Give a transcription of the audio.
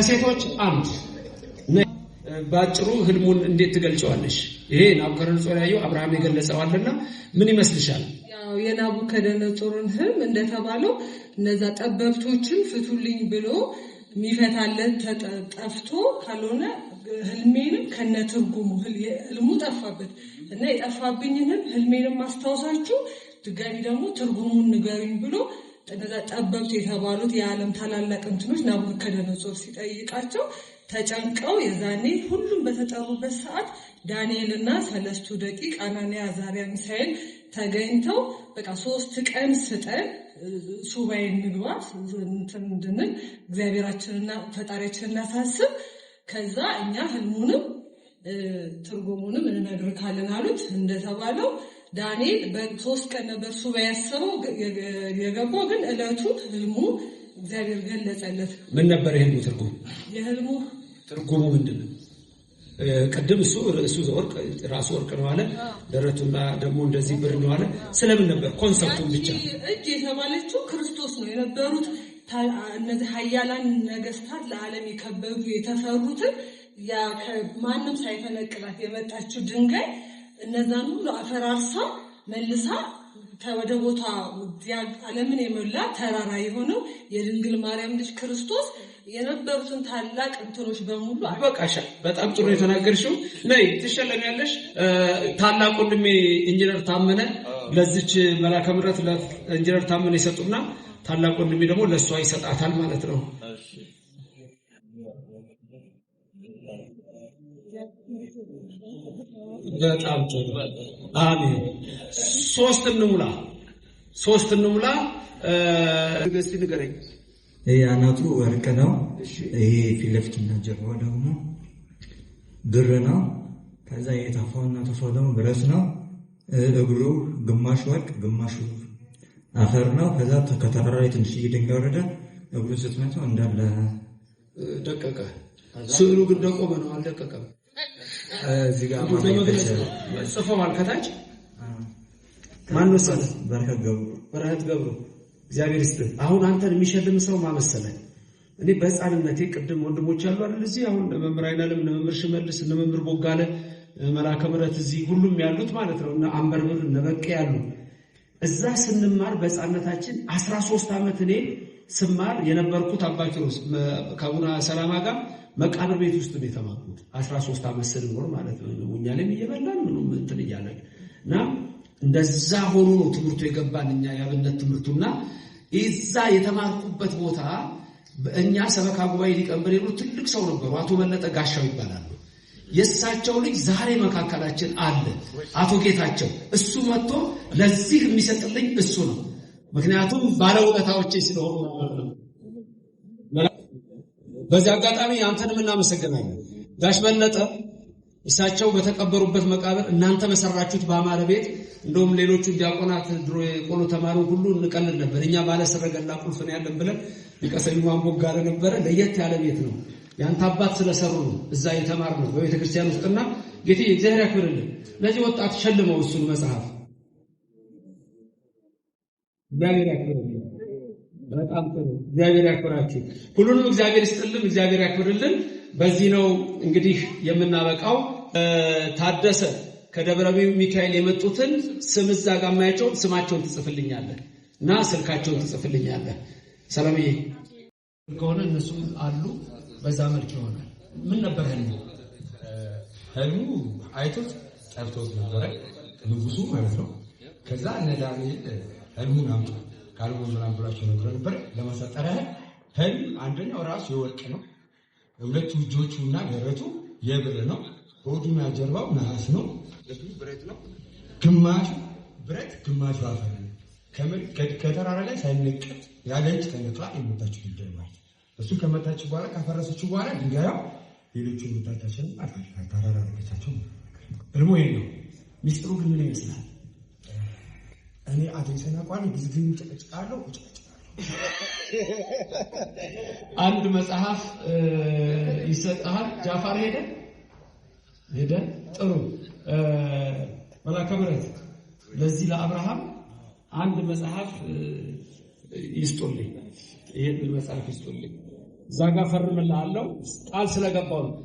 ከሴቶች አንድ በአጭሩ ህልሙን እንዴት ትገልጨዋለሽ? ይሄ ናቡከደነጾር ያየው አብርሃም የገለጸዋልና ምን ይመስልሻል? የናቡከደነጾርን ህልም እንደተባለው እነዛ ጠበብቶችን ፍቱልኝ ብሎ የሚፈታለን ጠፍቶ ካልሆነ ህልሜንም ከነ ትርጉሙ ህልሙ ጠፋበት እና የጠፋብኝንም ህልሜንም ማስታወሳችሁ ድጋሚ ደግሞ ትርጉሙን ንገሪኝ ብሎ እነዛ ጠበብት የተባሉት የዓለም ታላላቅ እንትኖች ናቡከደነጾር ሲጠይቃቸው ተጨንቀው የዛኔ ሁሉም በተጠሩበት ሰዓት ዳንኤል ዳንኤልና ሰለስቱ ደቂቅ አናንያ አዛርያ ሚሳኤል ተገኝተው በቃ ሶስት ቀን ስጠን ሱባኤ እንግባት እንትን እንድንል እግዚአብሔራችንና ፈጣሪያችን እናሳስብ፣ ከዛ እኛ ህልሙንም ትርጉሙንም እንነግርካለን አሉት። እንደተባለው ዳንኤል በሶስት ቀን ነበር እሱ ያሰበው የገባው፣ ግን እለቱ ህልሙ እግዚአብሔር ገለጸለት። ምን ነበር የህልሙ ትርጉም? የህልሙ ትርጉሙ ምንድን ነው? ቅድም እሱ እሱ ወርቅ ራሱ ወርቅ ነው አለ። ደረቱና ደግሞ እንደዚህ ብር ነው አለ። ስለምን ነበር ኮንሰፕቱን ብቻ። እጅ የተባለችው ክርስቶስ ነው የነበሩት እነዚህ ሀያላን ነገስታት ለዓለም የከበዱ የተፈሩትን ማንም ሳይፈነቅላት የመጣችው ድንጋይ እነዛን ሁሉ አፈራርሳ መልሳ ወደ ቦታ ዓለምን የሞላ ተራራ የሆነው የድንግል ማርያም ልጅ ክርስቶስ የነበሩትን ታላቅ እንትኖች በሙሉ ይበቃሻል። በጣም ጥሩ የተናገርሽው ነይ ትሸለሚያለሽ። ታላቅ ወንድሜ ኢንጂነር ታመነ ለዚች መላከ ምሕረት ኢንጂነር ታመነ ይሰጡና ታላቅ ወንድሜ ደግሞ ለእሷ ይሰጣታል ማለት ነው። በጣም ጥሩ አሜን። ሶስት እንሙላ ሶስት እንሙላ። እስኪ ንገረኝ። አናቱ ወርቅ ነው። ይሄ ፊት ለፊትና ጀርባው ደግሞ ብር ነው። ከዛ የታፋውና ተፋው ደግሞ ብረት ነው። እግሩ ግማሽ ወርቅ ግማሽ አፈር ነው። ከዛ ከተራራ ትንሽ ድንጋይ ወረደ። እግሩ ስትመታው እንዳለ ደቀቀ። ስዕሉ ግን ደቆመ ነው፣ አልደቀቀም። እዚህ ጽፎማል። ከታች ማን መሰለህ? በረከት ገብሩ። በረከት ገብሩ እግዚአብሔር ይስጥህ። አሁን አንተን የሚሸልም ሰው ማመሰለህ። እኔ በህፃንነቴ ቅድም ወንድሞች አሉ አይደል? እዚህ አሁን መምህር አይናለም፣ መምህር ሽመልስ፣ መምህር ቦጋለ፣ መላከ ምሕረት እዚህ ሁሉም ያሉት ማለት ነው እና አንበርብር ነበቀ ያሉ እዛ ስንማር በህፃንነታችን 13 ዓመት እኔ ስማር የነበርኩት አባ ከአቡነ ሰላማ ጋር መቃብር ቤት ውስጥ ነው የተማርኩት። 13 ዓመት ስንኖር ማለት ነው። እኛ ላይም እየበላን ምንም እንትን እያለን እና እንደዛ ሆኖ ነው ትምህርቱ የገባን እኛ የአብነት ትምህርቱና እዛ የተማርኩበት ቦታ እኛ ሰበካ ጉባኤ ሊቀመንበር የሆኑ ትልቅ ሰው ነበሩ። አቶ በለጠ ጋሻው ይባላሉ። የእሳቸው ልጅ ዛሬ መካከላችን አለ። አቶ ጌታቸው እሱ መጥቶ ለዚህ የሚሰጥልኝ እሱ ነው። ምክንያቱም ባለውለታዎቼ ስለሆኑ በዚህ አጋጣሚ አንተንም እናመሰግናለን ጋሽ በለጠ እሳቸው በተቀበሩበት መቃብር እናንተ በሰራችሁት በአማረ ቤት እንደውም ሌሎቹ ዲያቆናት ድሮ የቆሎ ተማሪ ሁሉ እንቀልል ነበር። እኛ ባለ ሰረገላ ቁልፍ ነው ያለን ብለን ሊቀሰኙ አንቦጋለ ነበረ። ለየት ያለ ቤት ነው ያንተ አባት ስለሰሩ ነው እዛ የተማር ነው በቤተ ክርስቲያን ውስጥና ጌቴ እግዚአብሔር ያክብርልን። ለዚህ ወጣት ሸልመው እሱን መጽሐፍ እግዚአብሔር ያክብርልን። በጣም ጥሩ። እግዚአብሔር ያክብራችሁ። ሁሉንም እግዚአብሔር ይስጥልን፣ እግዚአብሔር ያክብርልን። በዚህ ነው እንግዲህ የምናበቃው። ታደሰ ከደብረ ሚካኤል የመጡትን ስም እዛ ጋር የማያቸውን ስማቸውን ትጽፍልኛለህ እና ስልካቸውን ትጽፍልኛለህ። ሰለምዬ ከሆነ እነሱ አሉ። በዛ መልክ ይሆናል። ምን ነበር ህልሙ? ህልሙ አይቶት ጠርቶት ነበረ ንጉሱ ማለት ነው። ከዛ እነ ዳንኤል ህልሙን አምጡ ካልቦ ዝናብ ብላቸው ነግሮ ነበር። ለመሰጠረ ያህል አንደኛው ራሱ የወርቅ ነው። ሁለቱ እጆቹ እና ደረቱ የብር ነው። ሆዱና ጀርባው ነሐስ ነው። ብረት ነው። ግማሹ ብረት ግማሹ አፈር ነው። ከተራራ ላይ ሳይነቀጥ ያለ እጅ ተነቅላ የመታችው ድንጋይ ማለት እሱ ከመታች በኋላ ካፈረሰችው በኋላ ድንጋያ ሌሎቹ የመታታችን ተራራ ረገቻቸው። እልሞ ነው። ሚስጥሩ ግን ምን ይመስላል? እኔ አድሬሴን አቋሚ ብዙ ጊዜ ጨቀጭቃለሁ ጨቀጭቃለሁ። አንድ መጽሐፍ ይሰጠሃል። ጃፋር ሄደ ሄደ ጥሩ መላከ ምሕረት ለዚህ ለአብርሃም አንድ መጽሐፍ ይስጡልኝ፣ ይህን መጽሐፍ ይስጡልኝ እዛ ጋር ፈርምልሃለሁ ቃል ስለገባው ነው።